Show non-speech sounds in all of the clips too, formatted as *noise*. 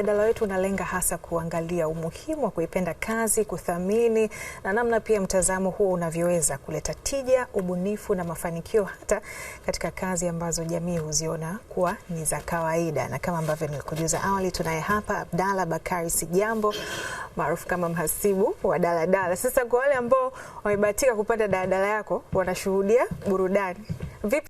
Mjadala wetu unalenga hasa kuangalia umuhimu wa kuipenda kazi, kuthamini na namna pia mtazamo huo unavyoweza kuleta tija, ubunifu na mafanikio hata katika kazi ambazo jamii huziona kuwa ni za kawaida. Na kama ambavyo nilikujuza awali, tunaye hapa Abdalla Bakari Sijambo maarufu kama mhasibu wa daladala. Sasa kwa wale ambao wamebahatika kupanda daladala yako wanashuhudia burudani. Vipi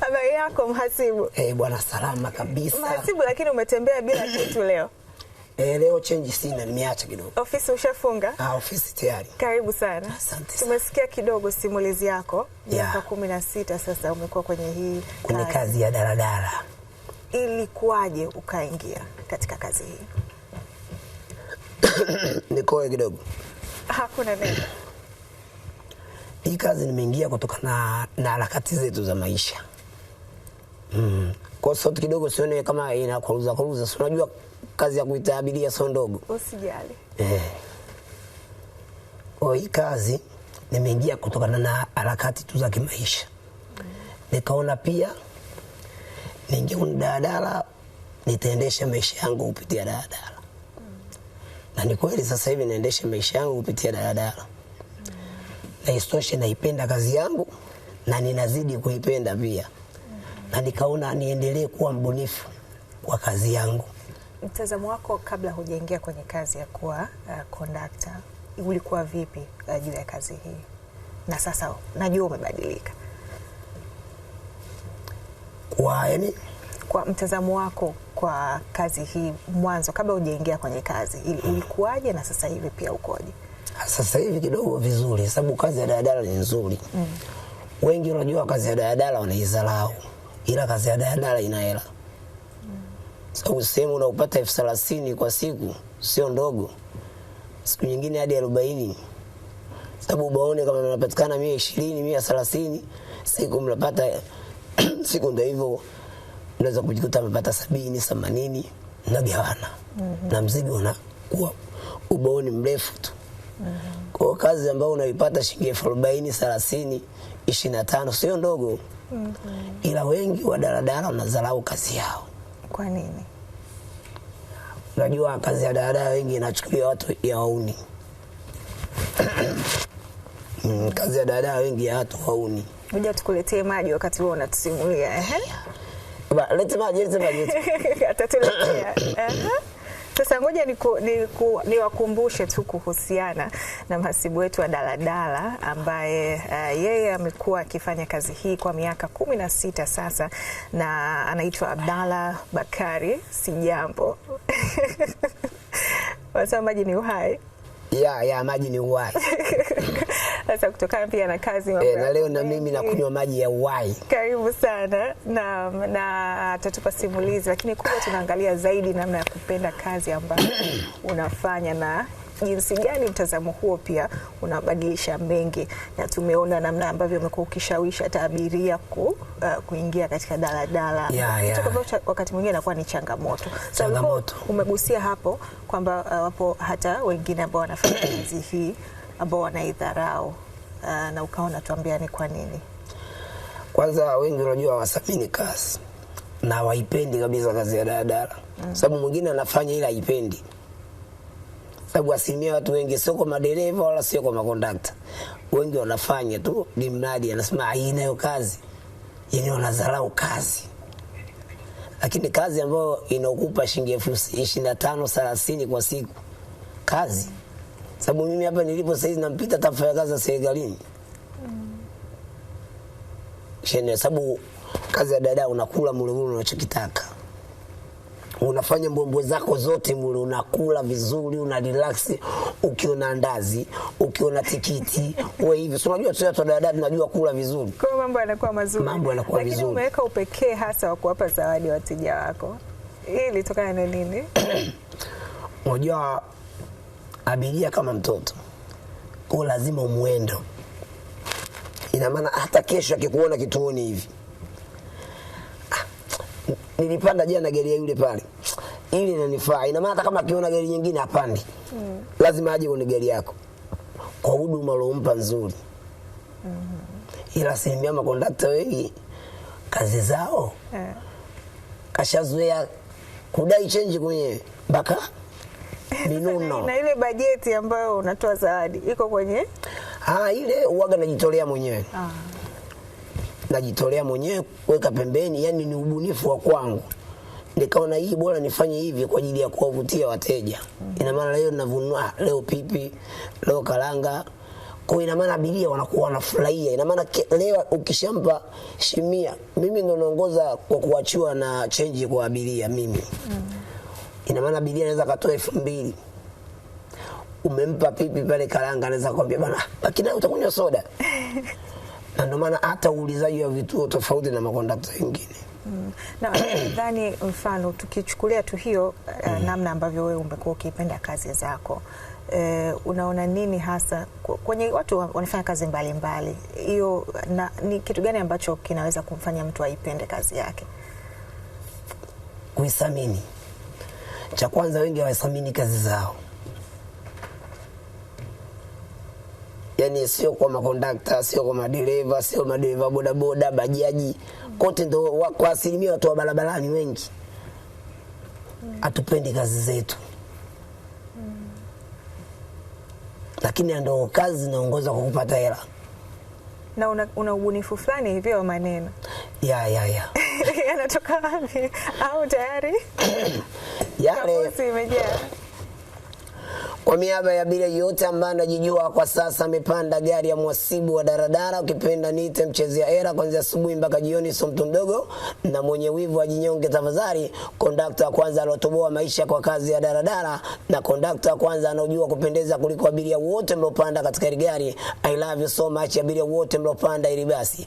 Habari yako mhasibu? Eh, bwana salama kabisa. Mhasibu, lakini umetembea bila *coughs* kitu leo. Eh, leo change sina, nimeacha kidogo. Ofisi ushafunga? Ah, ofisi tayari. Karibu sana. Asante. Tumesikia kidogo simulizi yako. Miaka yeah. kumi na sita sasa umekuwa kwenye hii kwenye kazi ya daladala. Ilikuwaje ukaingia katika kazi hii? *coughs* Nikoe kidogo. Hakuna neno. Hii kazi nimeingia kutokana na harakati zetu za maisha Mm. Kwa sauti kidogo sione kama inakwaruza kwaruza. Si unajua kazi ya kuita abiria sio ndogo. Usijali. Eh. Kwa hii kazi nimeingia kutokana na harakati tu za kimaisha. Nikaona pia niingie daladala nitaendesha maisha yangu kupitia daladala. Mm. Na ni kweli sasa hivi naendesha maisha yangu kupitia daladala. Mm. Na istoshe, naipenda kazi yangu na ninazidi kuipenda pia na nikaona niendelee kuwa mbunifu kwa kazi yangu. Mtazamo wako kabla hujaingia kwenye kazi ya kuwa kondakta uh, ulikuwa vipi uh, juu ya kazi hii? Na sasa najua umebadilika kwa yani, kwa mtazamo wako kwa kazi hii mwanzo, kabla hujaingia kwenye kazi hii hmm. ulikuwaje, na sasa hivi pia ukoje? Sasa hivi kidogo vizuri, sababu kazi ya daladala ni nzuri mm. Wengi unajua kazi ya daladala wanaidharau ila kazi ya daladala ina hela sababu sehemu unaopata elfu thelathini kwa siku sio ndogo, siku nyingine hadi arobaini sababu baone kama unapatikana mia ishirini mia thelathini siku mnapata *clears throat* siku ndo hivyo, unaweza kujikuta amepata sabini themanini nagawana mm -hmm. na mzigo unakuwa ubaoni mrefu tu mm -hmm. kwa kazi ambayo unaipata shilingi elfu arobaini thelathini ishirini na tano sio ndogo mm -hmm. Ila wengi wa daladala wanadharau kazi yao. Kwa nini? Unajua kazi ya daladala wengi inachukulia watu ya wauni *clears throat* mm, kazi ya daladala wengi ya watu wauni. Ngoja tukuletee maji wakati wewe unatusimulia. Lete maji, lete maji. *laughs* Atatuletea. Sasa ngoja niwakumbushe tu kuhusiana na mhasibu wetu wa daladala ambaye uh, yeye amekuwa akifanya kazi hii kwa miaka kumi na sita sasa, na anaitwa Abdalla Bakari Sijambo. *laughs* Wanasema maji ni uhai ya ya maji ni uhai *laughs* sasa kutokana pia na kazi e, na leo na mimi nakunywa maji ya uhai. Karibu sana na, na atatupa simulizi, lakini kubwa tunaangalia zaidi namna ya kupenda kazi ambayo *clears throat* unafanya na jinsi gani mtazamo huo pia unabadilisha mengi, na tumeona namna ambavyo umekuwa ukishawishi hata abiria ku, uh, kuingia katika daladala yeah, yeah. Wakati mwingine inakuwa ni changamoto changamoto. So, umegusia hapo kwamba uh, wapo hata wengine ambao wanafanya *clears throat* kazi hii ambao wanaidharau uh, na ukawa unatuambia ni kwa nini? Kwanza wengi unajua hawathamini kazi na waipendi kabisa kazi ya daladala mm. Sababu mwingine anafanya ila haipendi, sababu asilimia watu wengi sio kwa madereva wala sio kwa makondakta, wengi wanafanya tu ni mradi, anasema hainayo kazi, yenye yaani wanadharau kazi lakini kazi ambayo inakupa shilingi elfu ishirini na tano thelathini kwa siku kazi Sababu mimi hapa nilipo sasa hivi nampita hata kazi wa serikalini. Mm. Shene sababu kazi ya dada unakula mule mule unachokitaka. Unafanya mbombo zako zote mule, unakula vizuri, una relax, ukiona ndazi, ukiona tikiti, wewe hivi. So unajua tu watu dada tunajua kula vizuri. Kwa mambo yanakuwa mazuri. Mambo yanakuwa vizuri. Lakini umeweka upekee hasa wa kuwapa zawadi wateja wako. Hii ilitokana na nini? *clears throat* Unajua abiria kama mtoto, kwa lazima umwendo. Ina maana hata kesho akikuona kituoni hivi ah, nilipanda jana gari ya yule pale, ili inanifaa. Ina maana hata kama akiona gari nyingine hapandi, mm. lazima aje kwenye gari yako kwa huduma uliompa nzuri. mm -hmm. Ila ya makondakta wengi kazi zao yeah. kashazoea kudai chenji kwenye mpaka Binuno. Na ile bajeti ambayo unatoa zawadi iko kwenye ah, ile uwaga najitolea mwenyewe ah. Najitolea mwenyewe kuweka pembeni, yani ni ubunifu wa kwangu nikaona hii bora nifanye hivi kwa ajili ya kuwavutia wateja. Mm. Ina maana leo ninavunua leo pipi, leo kalanga. Kwa ina maana abiria wanakuwa wanafurahia. Ina maana leo ukishampa shimia, mimi ndo naongoza kwa kuachiwa na chenji kwa abiria mimi. Mm. Ina maana bibi anaweza katoa elfu mbili umempa pipi pale karanga, anaweza kwambia bana, baki nayo utakunywa soda *laughs* na ndio maana hata uulizaji wa vituo tofauti na makondakta wengine Mm. Na *clears throat* nadhani mfano tukichukulia tu hiyo eh, mm. namna ambavyo wewe umekuwa ukipenda kazi zako uh, unaona nini hasa kwenye watu wanafanya kazi mbalimbali hiyo mbali. Ni kitu gani ambacho kinaweza kumfanya mtu aipende kazi yake? Kuisamini. Cha kwanza, wengi hawathamini kazi zao, yaani sio kwa makondakta, sio kwa madereva, sio madereva bodaboda, bajaji, kote ndo kwa asilimia watu wa barabarani wengi hatupendi kazi zetu Lakini ndo kazi zinaongoza kwa kupata hela na una, una ubunifu fulani hivyo wa maneno ya ya ya *laughs* yanatoka wapi au tayari *clears throat* Ya le. Sí, me lleva. Kwa miaba ya bila yote ambaye anajijua kwa sasa, amepanda gari ya mwasibu wa daradara, ukipenda niite mchezea era, kuanzia asubuhi mpaka jioni, sio mtu mdogo na mwenye wivu wa jinyonge tafadhali. Kondakta wa kwanza aliotoboa maisha kwa kazi ya daradara, na kondakta wa kwanza anaojua kupendeza kuliko abiria wote mliopanda katika ile gari. I love you so much, abiria wote mliopanda hili basi,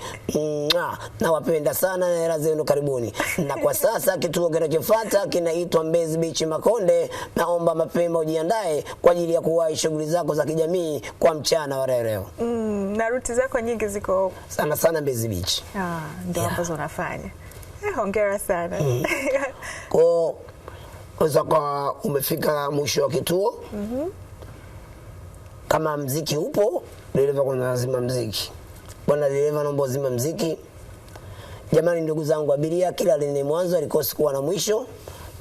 nawapenda sana na era zenu karibuni. Na kwa sasa kituo kinachofuata kinaitwa Mbezi Beach Makonde, naomba mapema ujiandae kwa ajili ya kuwahi shughuli zako za kijamii kwa mchana wa leo leo. Mm, na ruti zako nyingi ziko sana sana Mbezi Beach. Ah, ndio ambazo unafanya. Eh, hongera sana. Mm. *laughs* kwa kwa umefika mwisho wa kituo. Mm -hmm. Kama mziki upo, dereva kuna lazima mziki. Bwana dereva, naomba uzima mziki. Jamani, ndugu zangu abiria, kila lenye mwanzo alikosi kuwa na mwisho.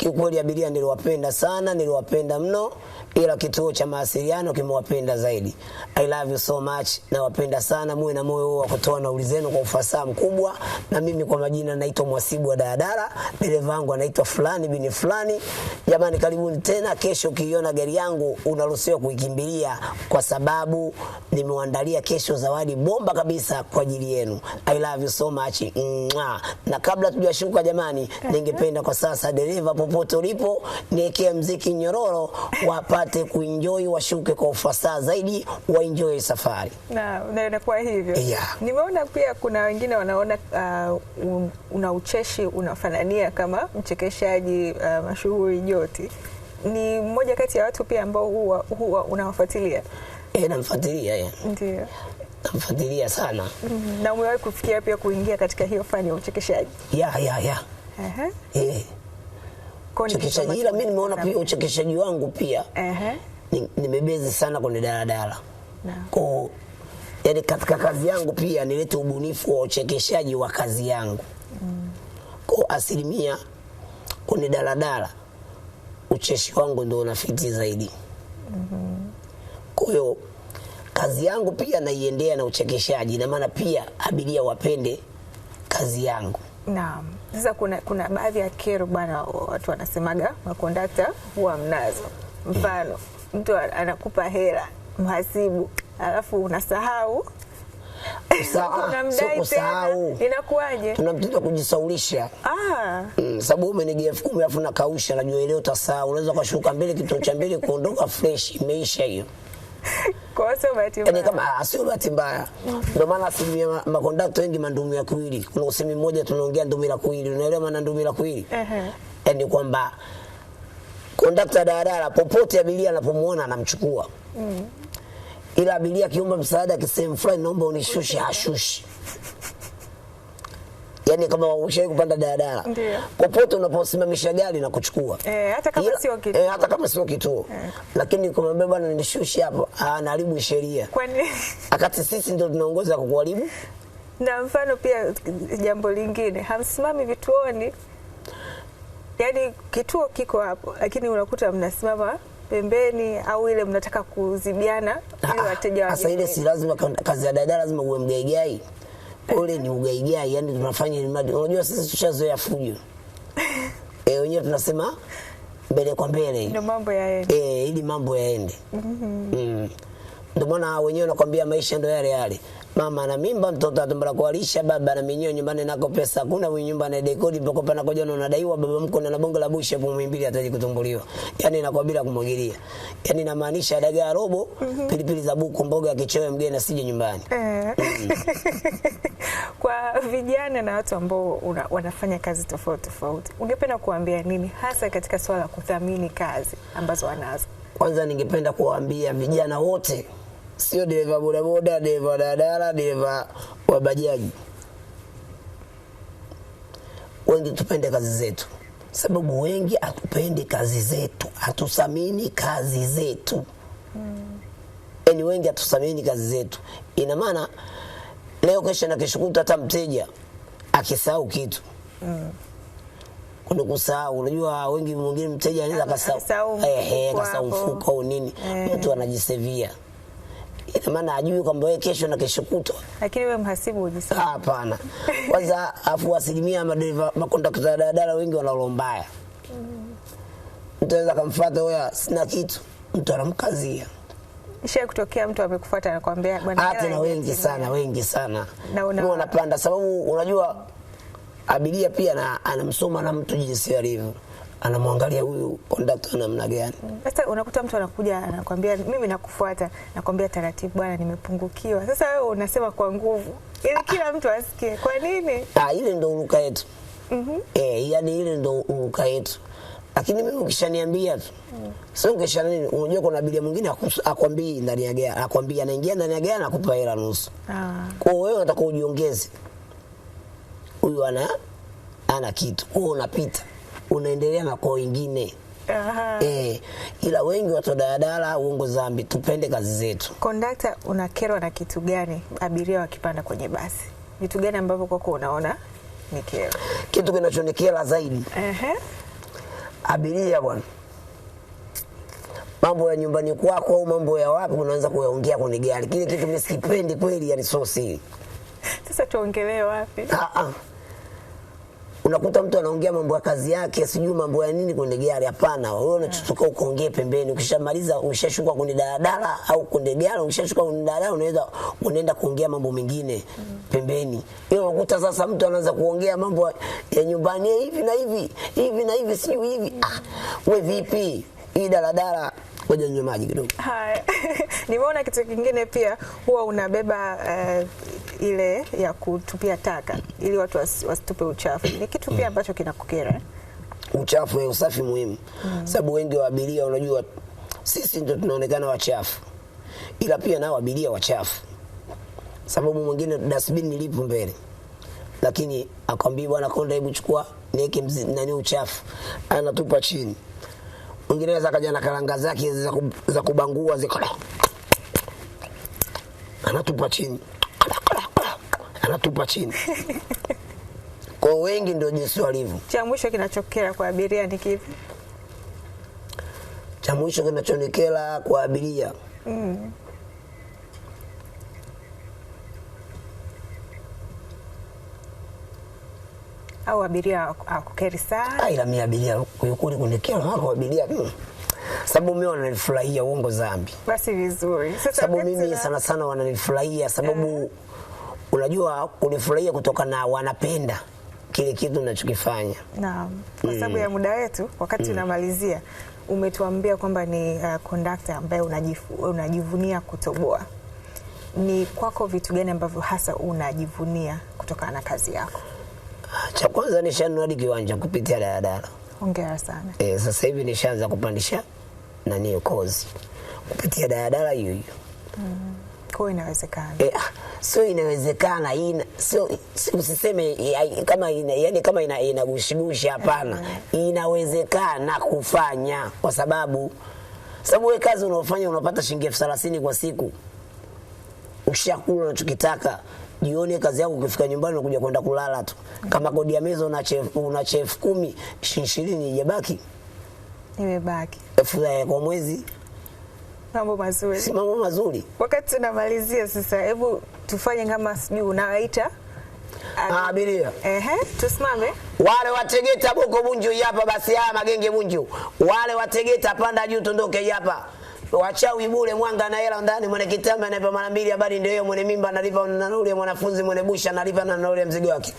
Kiukweli abiria niliwapenda sana, niliwapenda mno, ila kituo cha mawasiliano kimewapenda zaidi. I love you so much, nawapenda sana, muwe na moyo wa kutoa nauli zenu kwa ufasaha mkubwa. Na mimi kwa majina naitwa Mwasibu wa daladala, dereva wangu anaitwa fulani bini fulani. Jamani, karibuni tena. Kesho ukiiona gari yangu unaruhusiwa kuikimbilia, kwa sababu nimewaandalia kesho zawadi bomba kabisa kwa ajili yenu. I love you so much. Mwah. Na kabla tujashuka jamani, ningependa kwa sasa dereva popote ulipo, niwekea mziki nyororo, wapate kuenjoy, washuke kwa ufasaha zaidi, waenjoy safari. Na inakuwa hivyo yeah. Nimeona pia kuna wengine wanaona uh, una ucheshi unafanania kama mchekeshaji uh, mashuhuri Joti. Ni mmoja kati ya watu pia ambao huwa, huwa unawafuatilia? E, namfuatilia yeah. Ndio namfuatilia sana. Mm-hmm. Na umewahi kufikia pia kuingia katika hiyo fani ya uchekeshaji? ya yeah, ya yeah, eh. yeah. uh -huh. e uchekeshaji, ila mimi nimeona pia uchekeshaji wangu pia nimebezi sana kwenye daladala kwa yani katika kazi yangu pia nilete ubunifu wa uchekeshaji wa kazi yangu mm. kwa asilimia kwenye daladala ucheshi wangu ndio unafiti zaidi mm -hmm. kwa hiyo kazi yangu pia naiendea na uchekeshaji na maana pia abiria wapende kazi yangu Naam. Sasa kuna, kuna baadhi ya kero bana, watu wanasemaga makondakta huwa mnazo. Mfano mtu anakupa hela mhasibu, alafu unasahau *laughs* kusahau inakuwaje? Tuna mtindo kujisaulisha. Ah. Mm, sababu umenigia elfu kumi alafu nakausha, najua leo utasahau. Unaweza ukashuka mbele kituo cha mbele kuondoka fresh, imeisha hiyo. *laughs* Kwa hiyo sio bahati yaani mbaya. kama ah, sio bahati mbaya. Ndio maana asilimia makondakta wengi mandumu ya kuwili. Kuna usemi mmoja tunaongea ndumu la kuwili. Unaelewa maana ndumu la kuwili? Ehe. Yaani kwamba kondakta daladala popote abiria anapomuona anamchukua. Mm. Ila abiria akiomba msaada akisema fulani naomba unishushe hashushi yani kama ushawahi kupanda daladala, popote unaposimamisha gari na kuchukua eh, hata kama sio kitu eh, hata kama eh. Lakini kumwambia bwana nishushe hapo, anaharibu sheria. Kwani *laughs* akati sisi ndio tunaongoza kwa kuharibu. Na mfano pia jambo lingine, hamsimami vituoni, yani kituo kiko hapo, lakini unakuta mnasimama pembeni au ile mnataka kuzibiana ile wateja. wa Sasa ile si lazima, kazi ya dada lazima uwe mgaigai ule ni ugaigai, yani tunafanya ni mradi. Unajua sisi tushazoea fujo *laughs* eh, wenyewe tunasema mbele kwa mbele, ndio mambo yaende eh, ili mambo yaende. mm -hmm. mm. Ndio maana wenyewe nakwambia maisha ndio yale yale. Mama na mimba mtoto atumbala kualisha baba na minyo nyumbani nako pesa kuna wewe nyumba na dekodi mpaka pana koja na unadaiwa baba mko na bongo la bushe hapo mwimbili ataje kutumbuliwa. Yaani inakuwa bila kumwagilia. Yaani inamaanisha dagaa robo mm -hmm. pilipili za buku mboga ya kichowe mgeni asije nyumbani. Eh. *laughs* Kwa vijana na watu ambao wanafanya kazi tofauti tofauti. Ungependa kuambia nini hasa katika swala kuthamini kazi ambazo wanazo? Kwanza ningependa kuwaambia vijana wote sio dereva bodaboda, dereva daladala, dereva wa bajaji. Wengi tupende kazi zetu, sababu wengi hatupendi kazi zetu, hatusamini kazi zetu hmm. yani, wengi hatusamini kazi zetu. Ina maana leo kesha na keshukuta, hata mteja akisahau kitu mm kuna kusahau. Unajua wengi mwingine mteja anaweza kasahau eh, kasahau mfuko au nini, mtu eh. anajisevia ina maana ajui kwamba wewe kesho na kesho kutwa. Lakini wewe mhasibu hujisema? Hapana. Kwanza afu asilimia madereva makondakta ya daladala wengi wana roho mbaya. Mtu anaweza kumfuata wewe, sina kitu, mtu anamkazia. Ishawahi kutokea mtu amekufuata anakuambia bwana, hata ah, na wengi sana, wengi sana. Na unapanda sababu unajua abiria pia anamsoma na mtu jinsi alivyo anamwangalia huyu kondakta namna gani. Sasa unakuta mtu anakuja anakwambia mimi nakufuata, nakwambia taratibu, bwana, nimepungukiwa. Sasa wewe unasema kwa nguvu ili yaani ah, kila mtu asikie. Kwa nini? Ah, ile ndo uruka yetu. mm -hmm. Eh, yani ile ndo uruka yetu lakini mimi ukishaniambia tu mm. sio ukisha nini, unajua kuna abiria mwingine akwambii ndani ya gari, akwambia anaingia ndani ya gari na kupa hela nusu. Ah. Kwa hiyo wewe unataka ujiongeze, huyu ana ana kitu, kwa hiyo unapita unaendelea na kwa wengine. E, eh, ila wengi watu daladala uongo zambi, tupende kazi zetu. Kondakta, unakerwa na kitu gani abiria wakipanda kwenye basi? Vitu gani ambavyo kwako unaona ni kero? Kitu kinachonikera zaidi Aha. abiria bwana mambo ya nyumbani kwako au mambo ya wapi unaanza kuyaongea kwenye gari. Kile kitu mimi sikipendi kweli, yani sio siri. Sasa tuongelee wapi? Ah ah unakuta mtu anaongea mambo ya kazi yake, sijui mambo ya nini kwenye gari. Hapana, wewe unachotoka ukaongee pembeni. Ukishamaliza ukishashuka kwenye daladala au kwenye gari, ukishashuka kwenye daladala, unaweza unaenda kuongea mambo mengine pembeni. Hiyo unakuta sasa mtu anaanza kuongea mambo ya nyumbani eh, hivi na hivi hivi na hivi, sijui hivi. Ah, wewe vipi? Hii daladala Ngoja ninywe maji kidogo. Haya. *laughs* Nimeona kitu kingine pia huwa unabeba uh, ile ya kutupia taka ili watu wasitupe uchafu. Ni kitu pia ambacho kinakukera. Uchafu ni usafi muhimu. Mm. Sababu wengi wa abiria unajua sisi ndio tunaonekana wachafu. Ila pia nao abiria wachafu. Sababu mwingine dustbin nilipo mbele. Lakini akwambia bwana Konda, hebu chukua niweke nani uchafu. Anatupa chini. Mwingereza akaja na karanga zake za kubangua zikala, anatupa chini, anatupa chini kwa wengi ndio jinsi walivyo. Cha mwisho kinachokera kwa abiria ni kipi? Cha mwisho kinachonikera kwa abiria mm. au abiria akukeri sana, ah, ila mimi abiria kuyukuri kwenye kila mwaka abiria hmm. Sababu mimi wananifurahia uongo zambi. Basi vizuri. Sababu mimi sana sana wananifurahia sababu yeah. Unajua kunifurahia kutoka na wanapenda kile kitu ninachokifanya. Naam. Kwa mm. sababu mm. ya muda wetu wakati mm. unamalizia umetuambia kwamba ni uh, kondakta ambaye unajivunia kutoboa. Ni kwako vitu gani ambavyo hasa unajivunia kutokana na kazi yako? cha kwanza nishanunua hadi kiwanja kupitia daladala. Hongera sana. Eh, sasa hivi nishaanza kupandisha nani kozi kupitia daladala hiyo hiyo. Mm. Kwa inawezekana. Eh, sio inawezekana ina sio usiseme kama ina, yani kama ina inagushigushi hapana. Mm. Inawezekana kufanya kwa sababu sababu wewe kazi unaofanya unapata shilingi elfu kwa siku. Ukishakula unachokitaka jioni kazi yako ukifika nyumbani unakuja kwenda kulala tu. Kama kodi ya meza una chef una chef 10 20 ijabaki. Imebaki. Elfu kwa mwezi. Mambo mazuri. Si mambo mazuri. Wakati tunamalizia sasa, hebu tufanye kama sijui unawaita ah, ah, abiria. eh, tusimame. Wale wategeta boko bunju hapa basi haya magenge bunju. Wale wategeta panda juu tondoke hapa wachawi bure, mwanga na hela ndani. Mwenye kitamba anaipa mara mbili habari ndio hiyo, mwenye mimba analipa na ya mwanafunzi, mwenye busha analipa na nauli mzigo wake.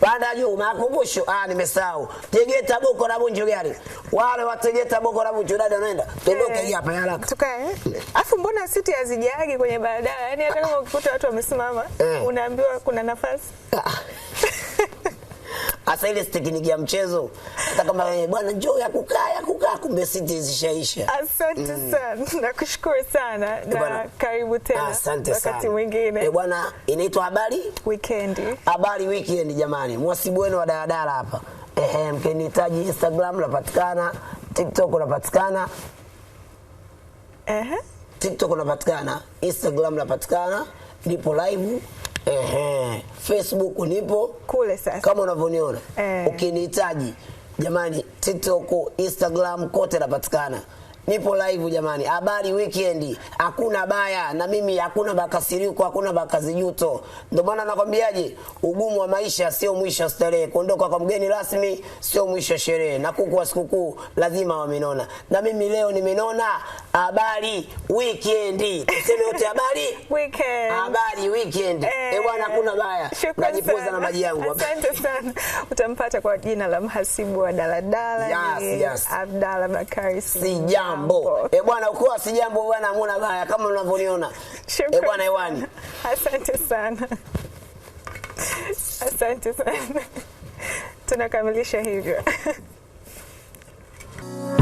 Panda juu makumbusho. Ah, nimesahau. Tegeta boko la bunju gari. Wale wa Tegeta boko la bunju dada naenda. Tondoke hey, eh, hapa haraka. Tukae. Afu mbona siti hazijaagi kwenye barabara? Yani hata kama ukikuta watu wamesimama, hey, eh. unaambiwa kuna nafasi. Ah hasa ile stekiniki ya mchezo, hata kama wewe bwana njoo ya kukaa ya kukaa, kumbe siti zishaisha. Asante mm. sana, *laughs* nakushukuru sana e na karibu tena asante wakati mwingine. E bwana, inaitwa habari weekend, habari weekend. Jamani, mwasibu wenu wa daladala hapa ehe, mkinihitaji Instagram napatikana, TikTok napatikana, ehe, TikTok napatikana, Instagram napatikana, nipo live Ehe, Facebook nipo kule sasa, kama unavyoniona eh. Ukinihitaji jamani, TikTok, Instagram kote napatikana nipo live jamani, habari weekend, hakuna baya na mimi, hakuna bakasiriko, hakuna bakazijuto. Ndio maana nakwambiaje, ugumu wa maisha sio mwisho starehe. Kuondoka kwa mgeni rasmi sio mwisho sherehe, na kuku wa sikukuu lazima wamenona, na mimi leo nimenona. Habari weekend, tuseme wote habari *laughs* weekend, habari weekend. Eh, eh bwana, hakuna baya, najipoza na maji yangu. Asante sana. Utampata kwa jina la mhasibu wa daladala yes, yes. Abdalla Bakari Sija mambo e bwana, ukiwa si jambo bwana, muona baya kama mnavyoniona. e eh, bwana hewani. Asante sana. Asante sana. Tunakamilisha hivyo. *laughs*